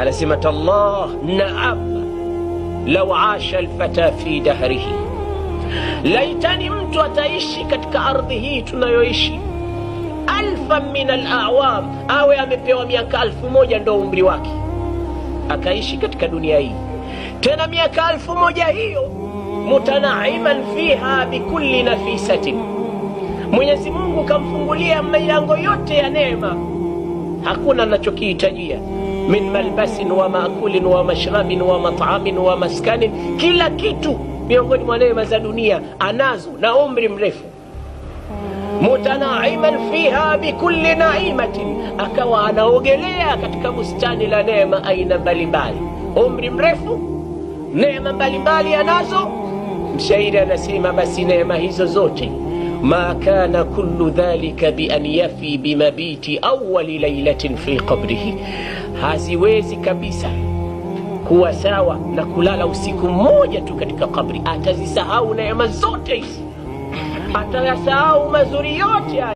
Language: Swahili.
anasema tallah, naam, lau asha alfata fi dahrihi, laitani mtu ataishi katika ardhi hii tunayoishi alfa min alawam, awe amepewa miaka alfu moja ndo umri wake, akaishi katika dunia hii tena miaka alfu moja hiyo mutanaiman fiha bikulli nafisatin, Mwenyezi Mungu kamfungulia milango yote ya neema, hakuna anachokihitajia min malbasin wa maakulin wa mashrabin wa mat'amin wa maskanin, kila kitu miongoni mwa neema za dunia anazo na umri mrefu mutanaiman fiha bikulli naimatin, akawa anaogelea katika bustani la neema aina mbalimbali, umri mrefu, neema mbalimbali anazo. Mshairi anasema basi neema hizo zote ma kana kullu dhalika bi an yafi bimabiti awali lailatin fi qabrihi haziwezi kabisa kuwa sawa na kulala usiku mmoja tu katika kabri. Atazisahau neema zote hizi, atayasahau mazuri yote.